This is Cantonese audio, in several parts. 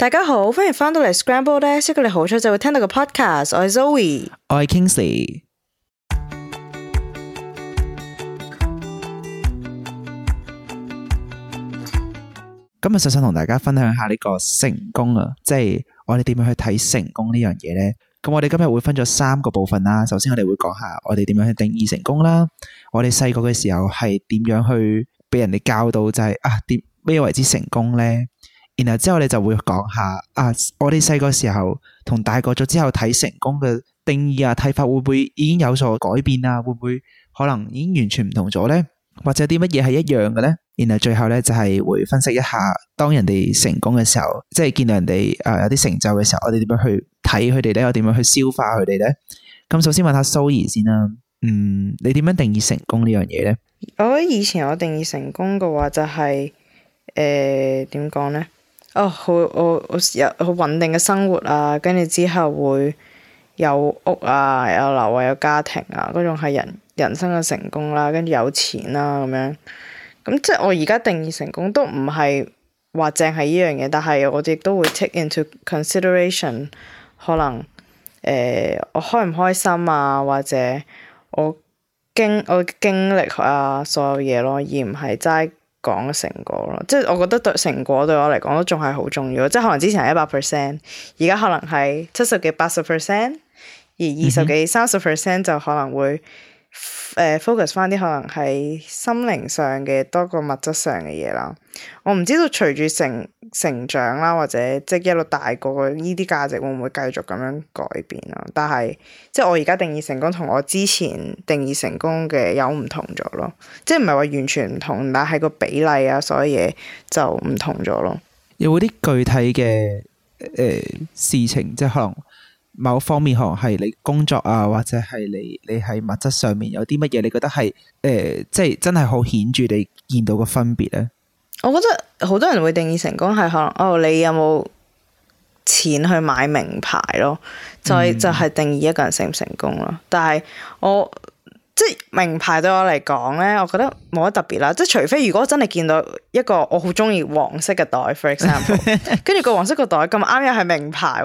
大家好，歡迎翻到嚟 Scrambled Eggs，識得你好彩就會聽到個 podcast。我係 Zoe，我係 Kingsley。今日就想同大家分享下呢個成功啊，即係我哋點樣去睇成功呢樣嘢呢。咁我哋今日會分咗三個部分啦。首先我哋會講下我哋點樣去定義成功啦。我哋細個嘅時候係點樣去俾人哋教導，就係啊點咩為之成功呢？然後之後你就會講下啊，我哋細個時候同大個咗之後睇成功嘅定義啊、睇法會唔會已經有所改變啊？會唔會可能已經完全唔同咗呢？或者有啲乜嘢係一樣嘅呢？然後最後呢，就係、是、會分析一下，當人哋成功嘅時候，即係見到人哋、誒、啊、有啲成就嘅時候，我哋點樣去睇佢哋呢？我點樣去消化佢哋呢？咁首先問下 Zoe 先啦、啊，嗯，你點樣定義成功呢樣嘢呢？我喺以前我定義成功嘅話就係誒，點講咧？呃哦，好、oh，我我有好穩定嘅生活啊，跟住之後會有屋啊，有樓啊，啊，有家庭啊，嗰種係人人生嘅成功啦、啊，跟住有錢啦、啊、咁樣，咁即係我而家定義成功都唔係話淨係呢樣嘢，但係我亦都會 take into consideration 可能誒、欸、我開唔開心啊，或者我經我經歷啊所有嘢咯，而唔係齋。講成果咯，即係我覺得對成果對我嚟講都仲係好重要，即係可能之前係一百 percent，而家可能係七十幾、八十 percent，而二十幾、三十 percent 就可能會誒 focus 翻啲可能係心靈上嘅多過物質上嘅嘢啦。我唔知道隨住成。成長啦，或者即係一路大個，呢啲價值會唔會繼續咁樣改變啊？但係即係我而家定義成功，同我之前定義成功嘅有唔同咗咯。即係唔係話完全唔同，但係個比例啊，所有嘢就唔同咗咯。有冇啲具體嘅誒、呃、事情，即係可能某方面，可能係你工作啊，或者係你你喺物質上面有啲乜嘢？你覺得係誒、呃，即係真係好顯著你見到個分別咧？我覺得好多人會定義成功係可能哦，你有冇錢去買名牌咯？就係就係定義一個人成唔成功咯。但係我即係名牌對我嚟講咧，我覺得冇乜特別啦。即係除非如果真係見到一個我好中意黃色嘅袋，for example，跟住 個黃色個袋咁啱又係名牌，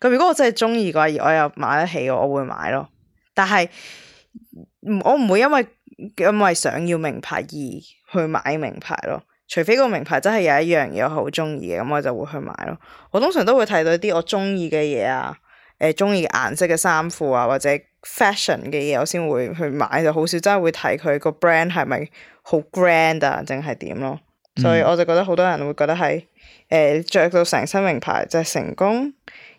咁如果我真係中意嘅話，我又買得起，我會買咯。但係我唔會因為因為想要名牌而去買名牌咯。除非個名牌真係有一樣嘢我好中意嘅，咁我就會去買咯。我通常都會睇到啲我中意嘅嘢啊，誒中意顏色嘅衫褲啊，或者 fashion 嘅嘢，我先會去買，就好少真係會睇佢個 brand 係咪好 grand 啊，定係點咯。嗯、所以我就覺得好多人會覺得係，誒、呃、着到成身名牌就係、係、成功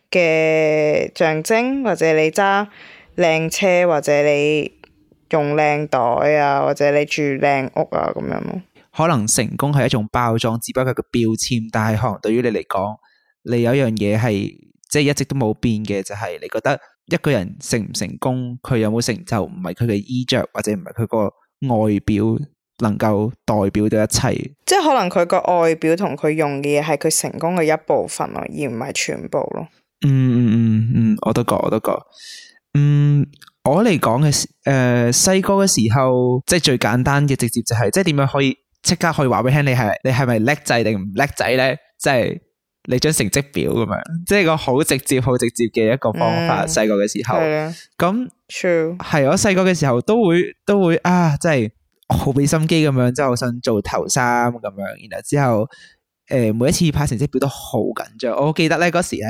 嘅象徵，或者你揸靚車，或者你用靚袋啊，或者你住靚屋啊咁樣咯。可能成功係一種包裝，只不過係個標籤。但係可能對於你嚟講，你有一樣嘢係即係一直都冇變嘅，就係你覺得一個人成唔成功，佢有冇成就，唔係佢嘅衣着或者唔係佢個外表能夠代表到一切。即係可能佢個外表同佢用嘅嘢係佢成功嘅一部分咯，而唔係全部咯。嗯嗯嗯嗯，我都覺，我都覺。嗯，我嚟講嘅時，誒細個嘅時候，即係最簡單嘅直接就係即係點樣可以。即刻可以話俾你聽，你係、就是、你係咪叻仔定唔叻仔咧？即係你張成績表咁樣，即、就、係、是、個好直接、好直接嘅一個方法。細個嘅時候，咁係我細個嘅時候都會都會啊！即係好俾心機咁樣，即係我、就是、想做頭三咁樣。然後之後誒、呃，每一次派成績表都好緊張。我記得咧嗰時咧，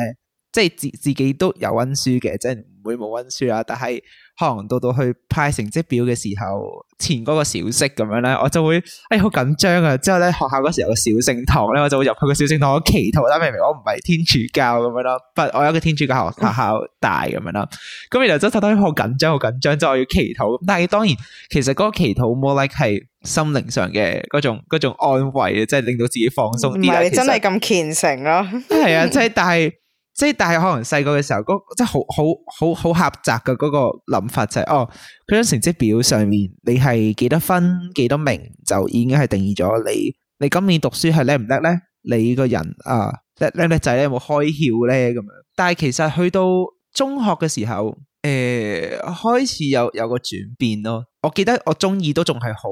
即係自自己都有溫書嘅，即係。唔會冇溫書啊，但係可能到到去派成績表嘅時候，前嗰個小息咁樣咧，我就會哎好緊張啊！之後咧學校嗰時候有個小聖堂咧，我就會入去個小聖堂我祈禱啦。明明我唔係天主教咁樣咯，不我有一個天主教學學校大咁樣啦。咁原來真係都好緊張，好緊張，即係我要祈禱。但係當然，其實嗰個祈禱 more like 係心靈上嘅嗰種種安慰啊，即係令到自己放鬆。唔係，其實你真係咁虔誠咯，係啊，即 係但係。但即係，但係可能細個嘅時候，即係好好好好狹窄嘅嗰個諗法就係、是，哦，佢張成績表上面你係幾多分、幾多名，就已經係定義咗你，你今年讀書係叻唔叻咧？你個人啊叻唔叻仔咧有冇開竅咧？咁樣。但係其實去到中學嘅時候，誒、呃、開始有有個轉變咯。我記得我中二都仲係好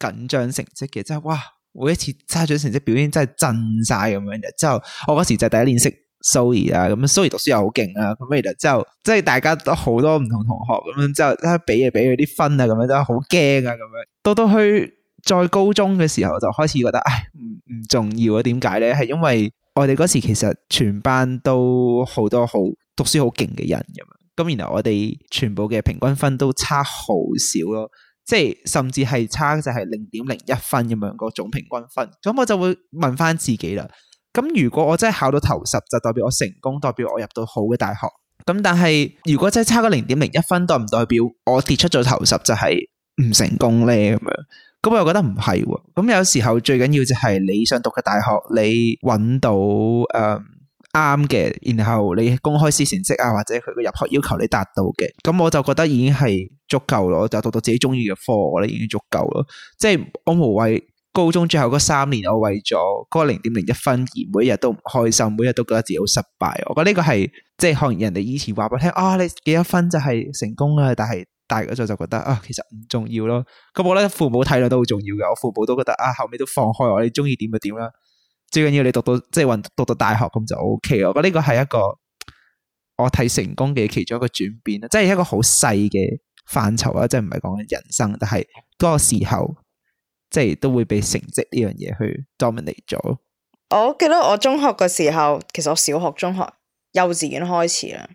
緊張成績嘅，即係哇，每一次揸住成績表現真係震晒咁樣嘅。之後我嗰時就第一年識。蘇怡啊，咁蘇怡讀書又好勁啊，咁然後之後即係大家都好多唔同同學咁樣，之後一比就比佢啲分啊，咁樣真係好驚啊，咁樣到到去再高中嘅時候就開始覺得唉，唔重要啊。點解咧？係因為我哋嗰時其實全班都好多好讀書好勁嘅人咁樣，咁然後我哋全部嘅平均分都差好少咯，即係甚至係差就係零點零一分咁樣個總平均分，咁我就會問返自己啦。咁如果我真係考到頭十，就代表我成功，代表我入到好嘅大學。咁但係如果真係差個零點零一分，代唔代表我跌出咗頭十就係、是、唔成功咧？咁樣，咁我又覺得唔係、啊。咁有時候最緊要就係你想讀嘅大學，你搵到誒啱嘅，然後你公開試成績啊或者佢嘅入學要求你達到嘅，咁我就覺得已經係足夠咯。我就讀到自己中意嘅課，我哋已經足夠咯。即、就、係、是、我無謂。高中最後嗰三年，我為咗嗰零點零一分而每日都唔開心，每日都覺得自己好失敗。我覺得呢個係即係可能人哋以前話俾我聽，啊你幾多分就係成功啊！但係大嗰陣就覺得啊，其實唔重要咯。咁我咧父母睇落都好重要嘅，我父母都覺得啊，後尾都放開我，你中意點就點啦。最緊要你讀到即係混讀到大學咁就 O K。我覺得呢個係一個我睇成功嘅其中一個轉變，即係一個好細嘅範疇啊，即係唔係講人生，但係嗰個時候。即係都會被成績呢樣嘢去 dominate 咗。我記得我中學嘅時候，其實我小學、中學、幼稚園開始啦，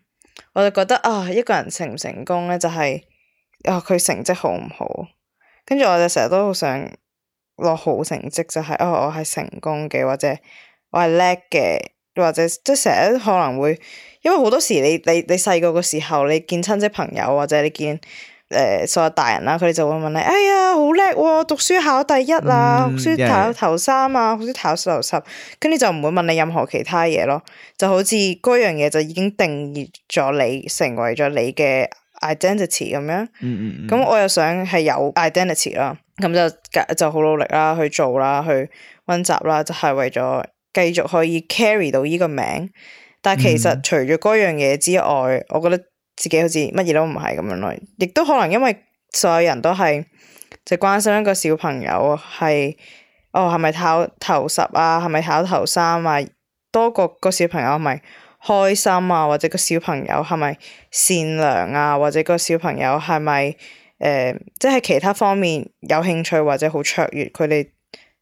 我就覺得啊、哦，一個人成唔成功咧，就係啊佢成績好唔好。跟住，我就成日都想落好成績，就係、是、啊、哦、我係成功嘅，或者我係叻嘅，或者即係成日可能會，因為好多時你你你細個嘅時候，你見親戚朋友或者你見。誒，所有大人啦，佢哋就會問你，哎呀，好叻喎，讀書考第一啊，讀、mm, yeah. 書考頭三啊，好似考四頭十，跟住就唔會問你任何其他嘢咯，就好似嗰樣嘢就已經定義咗你，成為咗你嘅 identity 咁樣。嗯咁、mm, mm, mm. 我又想係有 identity 啦，咁就就好努力啦，去做啦，去溫習啦，就係、是、為咗繼續可以 carry 到呢個名。但其實除咗嗰樣嘢之外，mm. 我覺得。自己好似乜嘢都唔係咁樣咯，亦都可能因為所有人都係就關心一個小朋友係，哦係咪考頭十啊，係咪考頭三啊，多過個小朋友係咪開心啊，或者個小朋友係咪善良啊，或者個小朋友係咪誒，即、呃、係、即係、其他方面有興趣或者好卓越，佢哋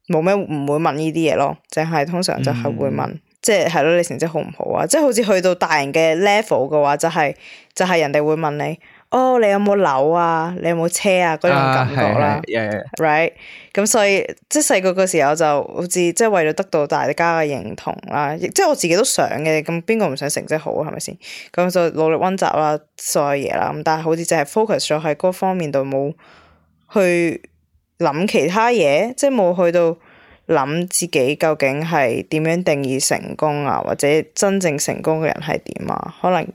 冇咩唔會問呢啲嘢咯，淨係通常就係會問、嗯。即係係咯，你成績好唔好啊？即係好似去到大人嘅 level 嘅話，就係、是、就係、是、人哋會問你，哦、oh，你有冇樓啊？你有冇車啊？嗰種感覺啦、ah, yeah, yeah, yeah，right？咁所以即係細個嘅時候就好似即係為咗得到大家嘅認同啦，亦即係我自己都想嘅。咁邊個唔想成績好啊？係咪先？咁就努力温習啦，所有嘢啦。咁但係好似就係 focus 咗喺嗰方面度，冇去諗其他嘢，即係冇去到。諗自己究竟係點樣定義成功啊，或者真正成功嘅人係點啊？可能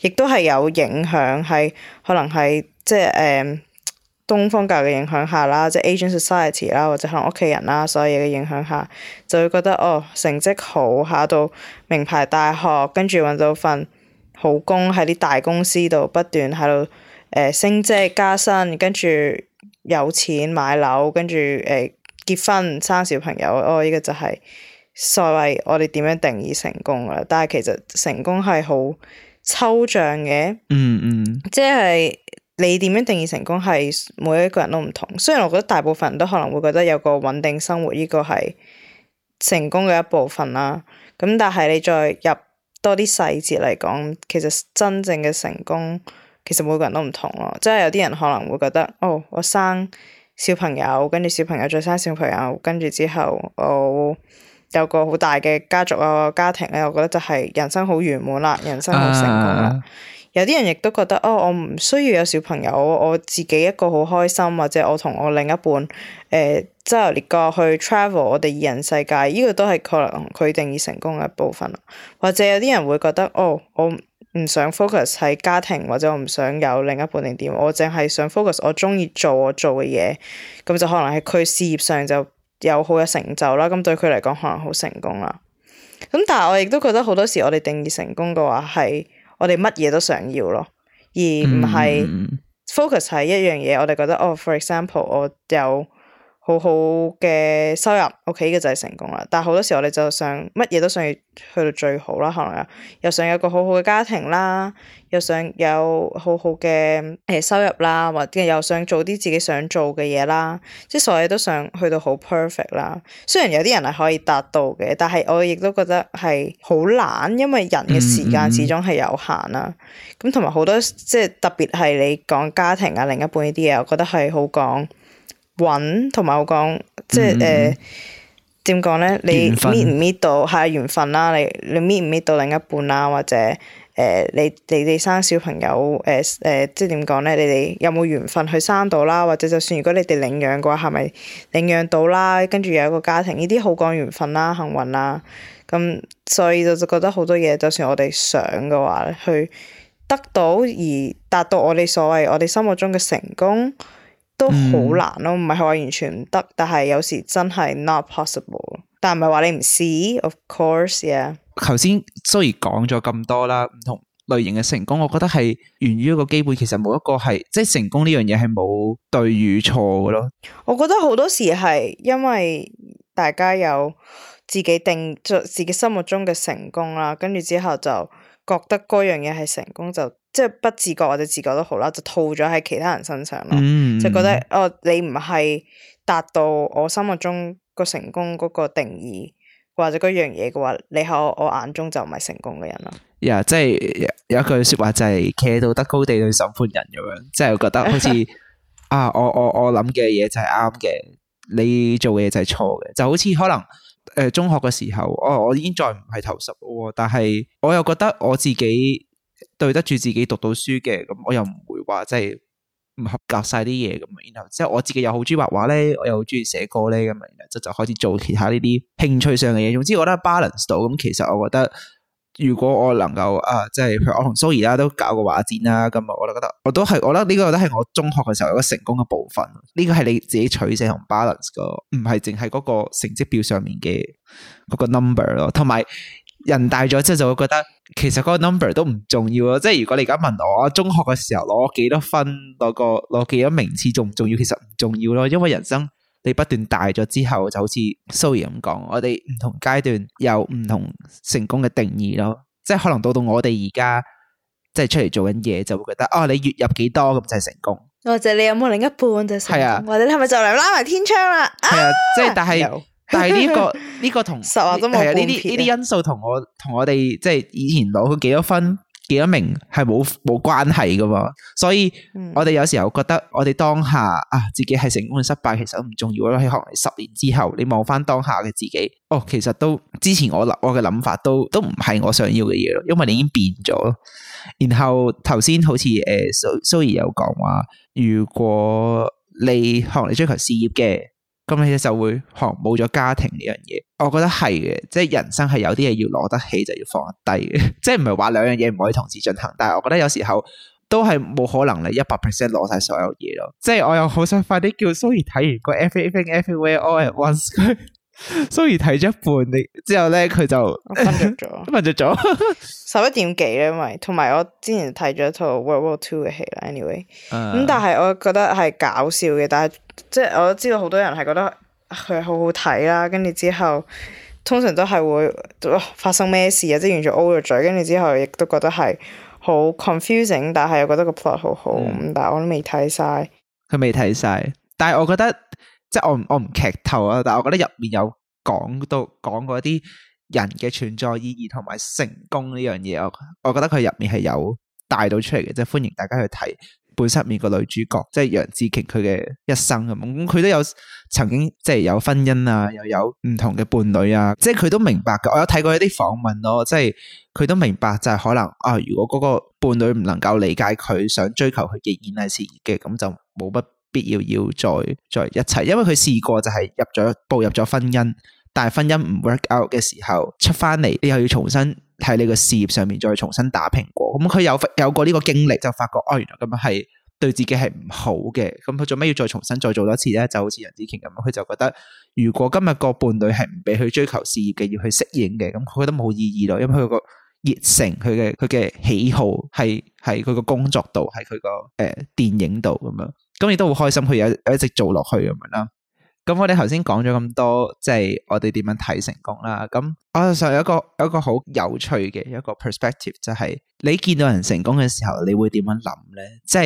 亦都係有影響，係可能係即係誒、呃，東方教育嘅影響下啦，即係 Asian society 啦，或者可能屋企人啦，所有嘢嘅影響下，就會覺得哦，成績好考到名牌大學，跟住搵到份好工喺啲大公司度不斷喺度誒升職加薪，跟住有錢買樓，跟住誒。呃結婚生小朋友，哦，呢個就係所謂我哋點樣定義成功啦。但係其實成功係好抽象嘅，嗯嗯，即係你點樣定義成功係每一個人都唔同。雖然我覺得大部分人都可能會覺得有個穩定生活呢個係成功嘅一部分啦。咁但係你再入多啲細節嚟講，其實真正嘅成功其實每個人都唔同咯。即係有啲人可能會覺得，哦，我生。小朋友，跟住小朋友再生小朋友，跟住之後我、哦、有個好大嘅家族啊家庭咧，我覺得就係人生好圓滿啦，人生好成功啦。啊、有啲人亦都覺得哦，我唔需要有小朋友，我自己一個好開心，或者我同我另一半誒，周遊列國去 travel，我哋二人世界呢、呢個都係可能佢定義成功嘅部分，或者有啲人會覺得哦，我。唔想 focus 喺家庭或者我唔想有另一半定點，我淨係想 focus 我中意做我做嘅嘢，咁就可能係佢事業上就有好嘅成就啦。咁對佢嚟講可能好成功啦。咁但係我亦都覺得好多時我哋定義成功嘅話係我哋乜嘢都想要咯，而唔係 focus 喺一樣嘢。我哋覺得哦，for example 我有。好好嘅收入，OK，嘅就係成功啦。但係好多時候，你就想乜嘢都想去到最好啦，可能又想有個好好嘅家庭啦，又想有好好嘅誒收入啦，或者又想做啲自己想做嘅嘢啦，即係所有嘢都想去到好 perfect 啦。雖然有啲人係可以達到嘅，但係我亦都覺得係好難，因為人嘅時間始終係有限啦。咁同埋好多即係特別係你講家庭啊、另一半呢啲嘢，我覺得係好講。揾同埋我講，即係誒點講咧？你搣唔搣到係緣分啦、啊？你你搣唔搣到另一半啦、啊？或者誒、呃、你你哋生小朋友誒誒、呃呃，即係點講咧？你哋有冇緣分去生到啦、啊？或者就算如果你哋領養嘅話，係咪領養到啦、啊？跟住有一個家庭，呢啲好講緣分啦、啊、幸運啦、啊。咁所以就覺得好多嘢，就算我哋想嘅話去得到而達到我哋所謂我哋心目中嘅成功。都好難咯，唔係話完全唔得，但係有時真係 not possible 但是是。但唔係話你唔試，of course，yeah。頭先 Zoe 講咗咁多啦，唔同類型嘅成功，我覺得係源於一個基本，其實冇一個係即係成功呢樣嘢係冇對與錯嘅咯。我覺得好多時係因為大家有自己定咗自己心目中嘅成功啦，跟住之後就覺得嗰樣嘢係成功就。即係不自覺或者自覺都好啦，就套咗喺其他人身上咯，嗯、就覺得哦，你唔係達到我心目中個成功嗰個定義或者嗰樣嘢嘅話，你喺我眼中就唔係成功嘅人咯。又、yeah, 即係有一句說話就係企喺道德高地去審判人咁樣，即係覺得好似 啊，我我我諗嘅嘢就係啱嘅，你做嘅嘢就係錯嘅，就好似可能誒、呃，中學嘅時候，哦，我已經再唔係頭十咯，但係我又覺得我自己。對得住自己讀到書嘅，咁我又唔會話即係唔合格晒啲嘢咁，然後之後我自己又好中意畫畫咧，我又好中意寫歌咧咁啊。然後就就開始做其他呢啲興趣上嘅嘢。總之我覺得 balance 到咁，其實我覺得如果我能夠啊，即係譬如我同 Zoe 啦都搞個畫展啦，咁我就覺得我都係，我覺得呢個都係我中學嘅時候有一個成功嘅部分。呢個係你自己取捨同 balance 個，唔係淨係嗰個成績表上面嘅嗰個 number 咯，同埋。人大咗之後就會覺得其實嗰個 number 都唔重要咯，即係如果你而家問我中學嘅時候攞幾多分，攞個攞幾多名次，重唔重要？其實唔重要咯，因為人生你不斷大咗之後，就好似 Zoe 咁講，我哋唔同階段有唔同成功嘅定義咯，即係可能到到我哋而家即係出嚟做緊嘢，就會覺得啊、哦、你月入幾多咁就係成功，或者你有冇另一半就係成功，啊、或者你係咪就嚟拉埋天窗啦？係啊，啊，啊，即係但係。 但係呢、這個呢、這個同，係啊呢啲呢啲因素同我同我哋即係以前攞咗幾多分幾多名係冇冇關係噶嘛？所以，我哋有時候覺得我哋當下啊自己係成功定失敗其實都唔重要咯。可能十年之後，你望翻當下嘅自己，哦，其實都之前我諗我嘅諗法都都唔係我想要嘅嘢咯，因為你已經變咗。然後頭先好似誒 Zoe Zoe 有講話，如果你可能追求事業嘅。咁你就會冇咗家庭呢樣嘢，我覺得係嘅，即係人生係有啲嘢要攞得起就要放得低嘅， 即係唔係話兩樣嘢唔可以同時進行，但係我覺得有時候都係冇可能你一百 percent 攞晒所有嘢咯，即係我又好想快啲叫蘇怡睇完個 everything everywhere all at once 所以睇咗一半，你之後咧佢就瞓着咗，瞓着咗十一點幾咧，因為同埋我之前睇咗一套 World War Two 嘅戲啦，Anyway，咁、uh, 但係我覺得係搞笑嘅，但係即係我都知道好多人係覺得佢好好睇啦，跟住之後通常都係會發生咩事啊，即係完全 O 咗嘴，跟住之後亦都覺得係好 confusing，但係又覺得個 plot 好好，但係我都未睇晒，佢未睇晒，但係我覺得。Uh, 即係我唔我唔劇透啊，但係我覺得入面有講到講過一啲人嘅存在意義同埋成功呢樣嘢，我我覺得佢入面係有帶到出嚟嘅，即係歡迎大家去睇《本失面》個女主角，即係楊紫瓊佢嘅一生咁。咁、嗯、佢都有曾經即係有婚姻啊，又有唔同嘅伴侶啊，即係佢都明白嘅。我有睇過一啲訪問咯，即係佢都明白就係可能啊，如果嗰個伴侶唔能夠理解佢想追求佢嘅演藝事業嘅，咁就冇乜必要要再再一齊，因為佢試過就係入咗步入咗婚姻，但係婚姻唔 work out 嘅時候出翻嚟，你又要重新喺你個事業上面再重新打拼過。咁、嗯、佢有有過呢個經歷，就發覺哦，原來咁樣係對自己係唔好嘅。咁佢做咩要再重新再做多次咧？就好似楊紫瓊咁，佢就覺得如果今日個伴侶係唔俾佢追求事業嘅，要去適應嘅，咁、嗯、佢覺得冇意義咯。因為佢個熱情，佢嘅佢嘅喜好係喺佢個工作度，喺佢個誒電影度咁樣。咁亦都好開心，佢有一直做落去咁樣啦。咁我哋頭先講咗咁多，即係我哋點樣睇成功啦。咁我就想有一個有一個好有趣嘅一個 perspective，就係你見到人成功嘅時候，你會點樣諗咧？即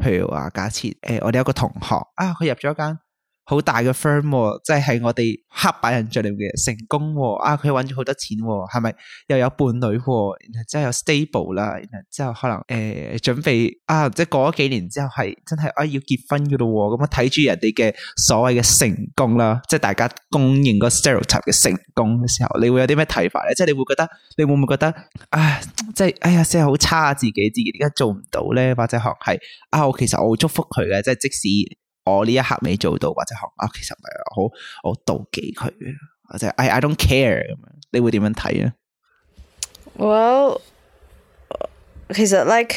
係譬如話假設誒、呃，我哋有個同學啊，佢入咗一間。好大嘅 firm，即係我哋刻板印象嚟嘅成功，啊佢搵咗好多錢，係咪又有伴侶，然之後即有 stable 啦，然之後可能誒、呃、準備啊，即係過咗幾年之後係真係啊要結婚嘅咯，咁啊睇住人哋嘅所謂嘅成功啦，即係大家公認個 stereotype 嘅成功嘅時候，你會有啲咩睇法咧？即係你會覺得，你會唔會覺得啊，即係哎呀即係好差自己自己，點解做唔到咧？或者係啊我其實我好祝福佢嘅，即係即使。我呢一刻未做到，或者啊，其實唔係好好妒忌佢啊，或者 I, I don't care 咁樣，你會點樣睇啊？Well，其實 like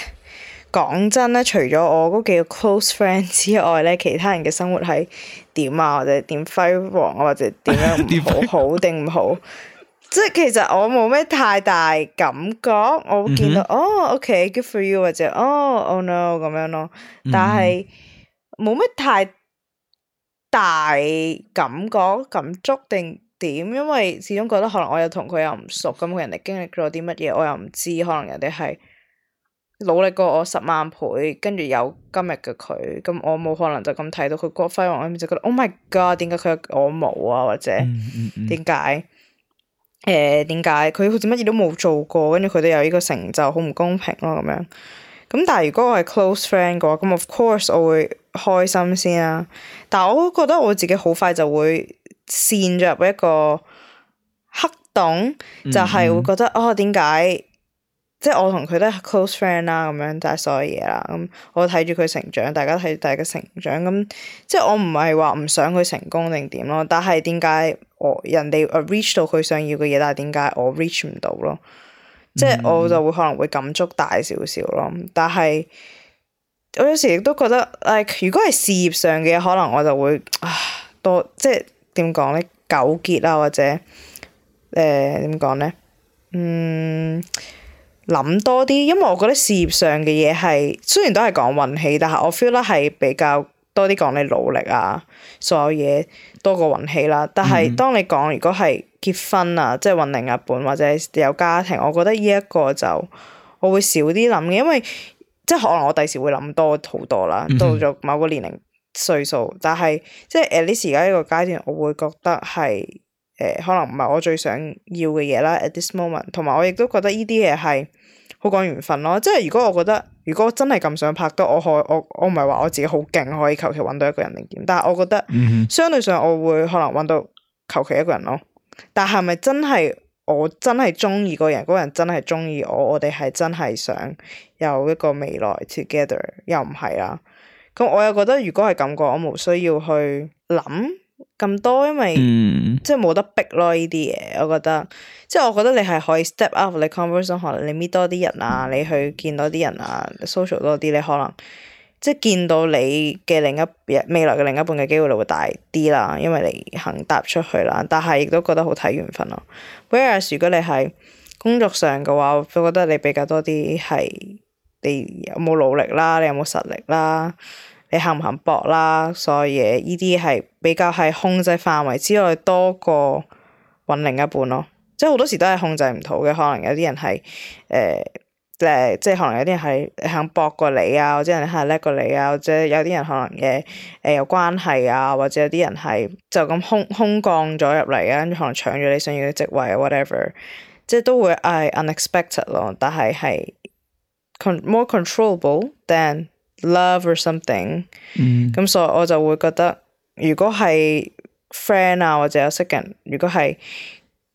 講真咧，除咗我嗰幾個 close friend 之外咧，其他人嘅生活係點啊，或者點輝煌啊，或者點樣唔好,好，好定唔好？ 即係其實我冇咩太大感覺，我會見到哦、mm hmm. oh,，OK good for you，或者哦 oh,，oh no 咁樣咯，但係。冇乜太大感覺、感觸定點，因為始終覺得可能我又同佢又唔熟，咁佢人哋經歷咗啲乜嘢，我又唔知，可能人哋係努力過我十萬倍，跟住有今日嘅佢，咁我冇可能就咁睇到佢個輝煌，就覺得 oh my god，點解佢我冇啊，或者點解？誒、嗯嗯嗯，點解佢好似乜嘢都冇做過，跟住佢都有呢個成就，好唔公平咯、啊、咁樣。咁但係如果我係 close friend 嘅話，咁 of course 我會開心先啦、啊。但係我覺得我自己好快就會陷入一個黑洞，就係、是、會覺得嗯嗯哦點解？即係我同佢都係 close friend 啦、啊，咁樣就係、是、所有嘢啦。咁、嗯、我睇住佢成長，大家睇住大家成長。咁、嗯、即係我唔係話唔想佢成功定點咯。但係點解我人哋 reach 到佢想要嘅嘢，但係點解我 reach 唔到咯？即係、嗯、我就會可能會感觸大少少咯，但係我有時亦都覺得，誒、like，如果係事業上嘅，可能我就會啊多，即係點講呢？糾結啊或者誒點講咧，嗯，諗多啲，因為我覺得事業上嘅嘢，係雖然都係講運氣，但係我 feel 咧係比較多啲講你努力啊，所有嘢多過運氣啦。但係當你講、嗯、如果係。結婚啊，即係揾另一半，或者有家庭，我覺得呢一個就我會少啲諗嘅，因為即係可能我第時會諗多好多啦，到咗某個年齡歲數，但係即係 at this 而家呢個階段，我會覺得係誒、呃、可能唔係我最想要嘅嘢啦。at this moment，同埋我亦都覺得呢啲嘢係好講緣分咯。即係如果我覺得，如果真係咁想拍到，我可我我唔係話我自己好勁可以求其揾到一個人定點，但係我覺得相對上我會可能揾到求其一個人咯。但係咪真係我真係中意嗰人，嗰、嗰個、人真係中意我，我哋係真係想有一個未來 together，又唔係啦。咁我又覺得如果係咁講，我冇需要去諗咁多，因為、mm. 即係冇得逼咯呢啲嘢。我覺得，即係我覺得你係可以 step up 你 conversation，可能你 meet 多啲人啊，你去見多啲人啊，social 多啲，你可能。即係見到你嘅另一未來嘅另一半嘅機會就會大啲啦，因為你肯踏出去啦，但係亦都覺得好睇緣分咯。Whereas 如果你係工作上嘅話，我覺得你比較多啲係你有冇努力啦，你有冇實力啦，你肯唔肯搏啦，所以呢啲係比較係控制範圍之內多過搵另一半咯。即係好多時都係控制唔到嘅，可能有啲人係誒。呃誒，即係可能有啲人係肯搏過你啊，或者人係叻過你啊，或者有啲人可能嘅誒有關係啊，或者有啲人係就咁空空降咗入嚟啊，跟住可能搶咗你想要嘅職位啊，whatever，即係都會係 unexpected 咯。但係係 more controllable than love or something。Mm. 嗯。咁所以我就會覺得，如果係 friend 啊或者有識人，如果係。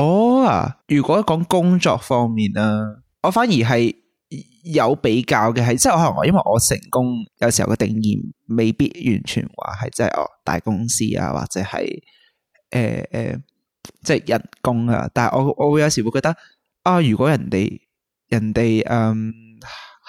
哦啊！如果講工作方面啊，我反而係有比較嘅，係即係我可能話，因為我成功有時候嘅定義未必完全話係即係哦大公司啊，或者係誒誒即係人工啊。但係我我會有時會覺得啊，如果人哋人哋誒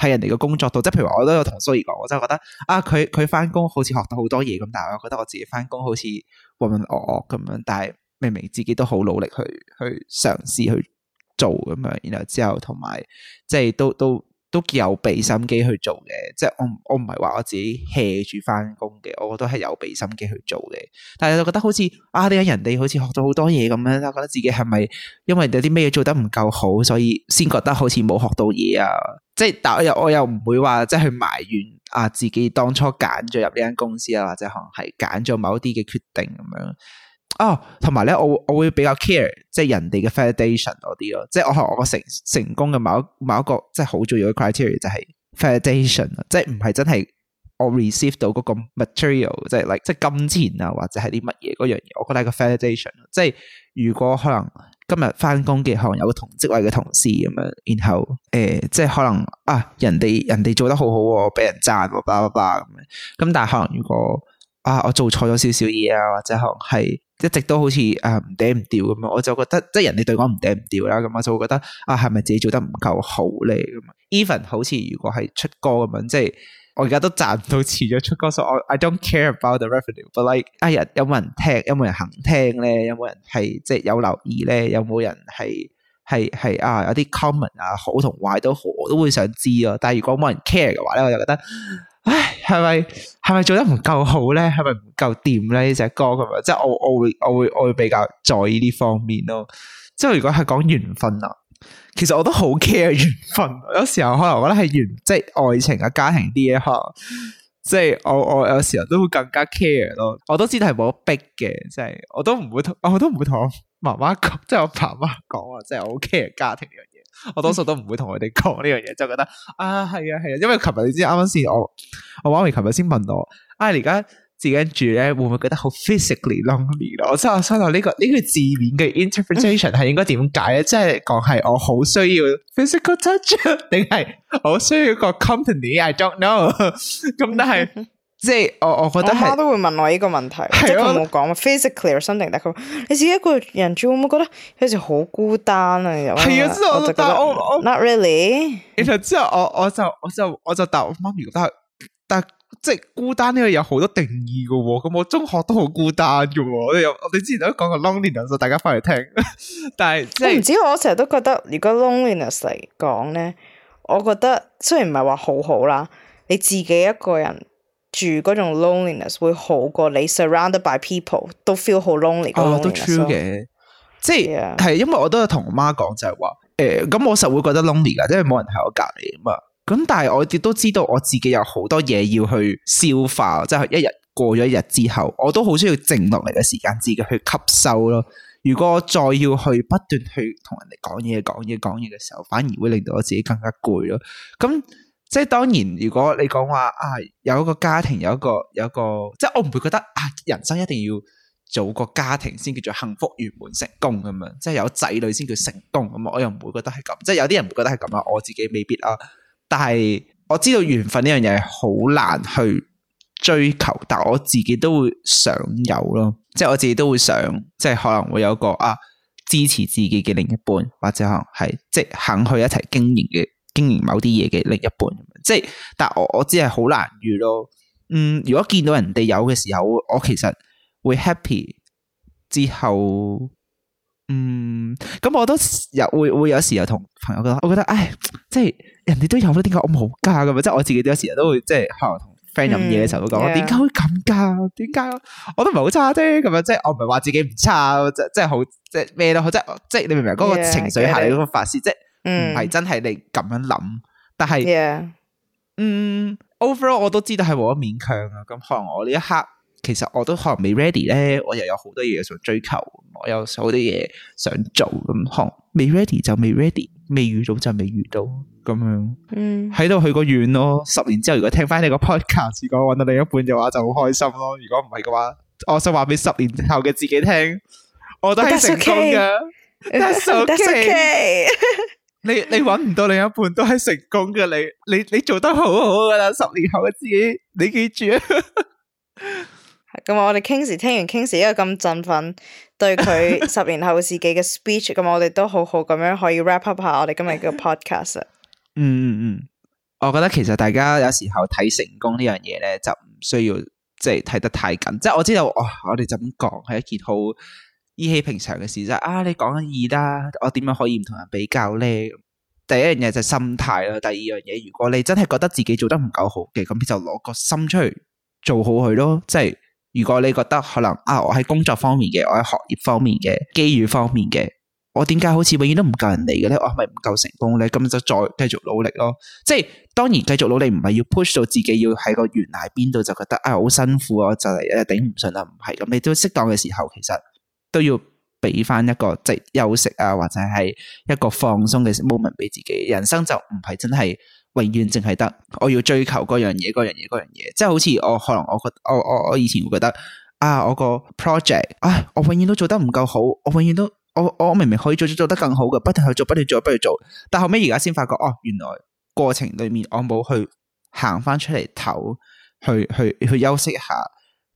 喺人哋嘅工作度，即係譬如話我都有同蘇怡講，我真係覺得啊，佢佢返工好似學到好多嘢咁，但係我覺得我自己返工好似渾渾噩噩咁樣，但係，明明自己都好努力去去嘗試去做咁樣，然後之後同埋即係都都都有備心機去做嘅，即係我我唔係話我自己 hea 住返工嘅，我覺得係有備心機去做嘅。但係就覺得好似啊，點解人哋好似學咗好多嘢咁樣？我覺得自己係咪因為有啲咩嘢做得唔夠好，所以先覺得好似冇學到嘢啊？即係但我又我又唔會話即係去埋怨啊自己當初揀咗入呢間公司啊，或者可能係揀咗某一啲嘅決定咁樣。啊，同埋咧，我我會比較 care 即係人哋嘅 validation 嗰啲咯，即係我係我成成功嘅某某一個即係好重要嘅 criteria 就係 validation 即係唔係真係我 receive 到嗰個 material，即係 like 即係金錢啊或者係啲乜嘢嗰樣嘢，我覺得係個 validation 即係如果可能今日翻工嘅可能有個同職位嘅同事咁樣，然後誒、呃、即係可能啊人哋人哋做得好好，啊，俾人讚，叭叭叭咁樣，咁但係可能如果啊我做錯咗少少嘢啊或者可能係。一直都好似誒唔頂唔掉咁樣，我就覺得即係人哋對我唔頂唔掉啦，咁我就會覺得啊，係咪自己做得唔夠好咧？咁 even 好似如果係出歌咁樣，即係我而家都賺到遲咗出歌，所以我 I don't care about the revenue，but like 一、哎、日有冇人聽，有冇人肯聽咧，有冇人係即係有留意咧，有冇人係係係啊有啲 comment 啊好同壞都好，我都會想知咯、啊。但係如果冇人 care 嘅話咧，我就覺得。唉，係咪係咪做得唔夠好咧？係咪唔夠掂咧？呢隻歌咁啊，即係我我會我會我會比較在意呢方面咯。即係如果係講緣分啊，其實我都好 care 緣分。有時候可能我覺得係緣，即係愛情啊、家庭啲嘢，可能即係我我有時候都會更加 care 咯。我都知道係冇得逼嘅，即係我都唔會同，我都唔會同我媽媽講，即係我爸媽講啊，即係我好 care 家庭呢 我多數都唔會同佢哋講呢樣嘢，就覺得啊，係啊係啊，啊，因為琴日你知啱啱先，我我媽咪琴日先問我啊，而家自己住咧會唔會覺得好 physically lonely 咯， 這個？我真係我想話呢個呢個字面嘅 interpretation 係應該點解咧？ 即係講係我好需要 physical touch 定係好需要個 company？I don't know，咁 但係是。 即係我，我覺得阿媽都會問我呢個問題，啊、即係我冇講嘛。Physically，or something，但係佢你自己一個人住會唔會覺得有陣好孤單啊？係啊，之後我就答哦我，我，我 Not really，然後之後我我就我就我就答我媽，覺得但係即係孤單呢個有好多定義噶、哦，咁我中學都好孤單噶、哦，我有你之前都講過 loneliness，大家翻嚟聽。但係、就是、我唔知，我成日都覺得，如果 loneliness 嚟講咧，我覺得雖然唔係話好好啦，你自己一個人。住嗰種 loneliness 會好過你 surrounded by people 都 feel 好 lonely，啊。哦 loneliness，都 true 嘅，即係係因為我都有同我媽講就係話，誒、欸、咁我實會覺得 lonely 噶，因為冇人喺我隔籬啊嘛。咁但係我亦都知道我自己有好多嘢要去消化，即、就、係、是、一日過咗一日之後，我都好需要靜落嚟嘅時間自己去吸收咯。如果我再要去不斷去同人哋講嘢、講嘢、講嘢嘅時候，反而會令到我自己更加攰咯。咁。即係當然，如果你講話啊，有一個家庭，有一個有一個，即係我唔會覺得啊，人生一定要做個家庭先叫做幸福圓滿成功咁樣，即係有仔女先叫成功咁，我又唔會覺得係咁。即係有啲人會覺得係咁啊，我自己未必啊。但係我知道緣分呢樣嘢係好難去追求，但係我自己都會想有咯。即係我自己都會想，即係可能會有一個啊支持自己嘅另一半，或者可能係即係肯去一齊經營嘅。經營某啲嘢嘅另一半，即係，但我我只係好難預咯。嗯，如果見到人哋有嘅時候，我其實會 happy。之後，嗯，咁我都又會會有時又同朋友覺得：「我覺得，唉，即係人哋都有嗰啲嘅，我冇噶，咁嘛。」即係我自己都有時都會，即係可能同 friend 飲嘢嘅時候都講，點解、嗯 yeah. 會咁噶？點解？我都唔係好差啫，咁啊，即係我唔係話自己唔差，即係即係好，即係咩咯？即係即係你明唔明？嗰、嗰個情緒下，你嗰個發洩，即係。唔係、嗯、真係你咁樣諗，但係 Yeah. 嗯 overall 我都知道係無可勉強啊。咁可能我呢一刻其實我都可能未 ready 咧，我又有好多嘢想追求，我有好多嘢想做咁，可能未 ready 就未 ready，未遇到就未遇到咁樣。嗯，喺度去個遠咯。十年之後如果聽翻你個 podcast，如果搵到另一半嘅話就好開心咯。如果唔係嘅話，我想話俾十年後嘅自己聽，我都係成功嘅。That's okay. 's okay. 你你揾唔到另一半都係成功嘅你，你你做得好好噶啦！十年後嘅自己，你記住。咁啊，我哋 k i n 聽完 k i n g 一個咁振奮，對佢十年後自己嘅 speech，咁我哋都好好咁樣可以 wrap up 下我哋今日嘅 podcast 嗯嗯嗯，我覺得其實大家有時候睇成功呢樣嘢咧，就唔需要即係睇得太緊。即係我知道，哦、我我哋就咁講一件好。依稀平常嘅事就係啊，你講緊易得，我點樣可以唔同人比較咧？第一樣嘢就係心態咯，第二樣嘢，如果你真係覺得自己做得唔夠好嘅，咁就攞個心出去做好佢咯。即係如果你覺得可能啊，我喺工作方面嘅，我喺學業方面嘅，機遇方面嘅，我點解好似永遠都唔夠人嚟嘅咧？我係咪唔夠成功咧？咁就再繼續努力咯。即係當然繼續努力唔係要 push 到自己要喺個懸崖邊度就覺得啊好辛苦啊就係頂唔順啊，唔係咁，你都適當嘅時候其實。都要俾翻一個即休息啊，或者係一個放鬆嘅 moment 俾自己。人生就唔係真係永遠淨係得我要追求嗰樣嘢，嗰樣嘢，嗰樣嘢。即係好似我可能我覺我我我以前會覺得啊，我個 project 啊，我永遠都做得唔夠好，我永遠都我我明明可以做做得更好嘅，不停去做，不斷做，不斷做，做。但後尾而家先發覺，哦，原來過程裏面我冇去行翻出嚟唞，去去去休息一下，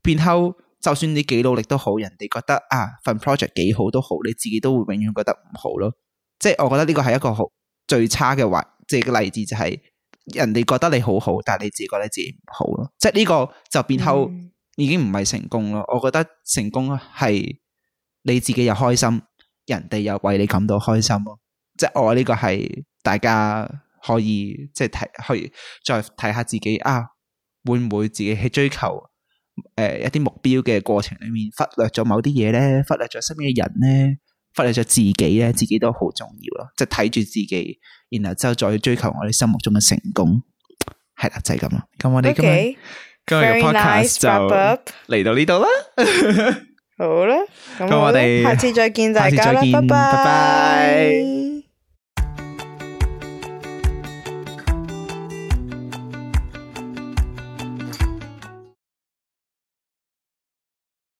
變後。就算你幾努力都好，人哋覺得啊份 project 幾好都好，你自己都會永遠覺得唔好咯。即係我覺得呢個係一個好最差嘅話，即係個例子就係、是、人哋覺得你好好，但係你自己覺得自己唔好咯。即係呢個就變後已經唔係成功咯。嗯、我覺得成功係你自己又開心，人哋又為你感到開心咯。即係我呢個係大家可以即係睇去再睇下自己啊，會唔會自己去追求？誒，一啲目標嘅過程裏面，忽略咗某啲嘢咧，忽略咗身邊嘅人咧，忽略咗自己咧，自己都好重要咯。即係睇住自己，然後就再追求我哋心目中嘅成功。係啦，就係咁啦。咁我哋今日今日嘅 podcast 就嚟到呢度啦。好啦，咁我哋下次再見，大家啦，拜拜。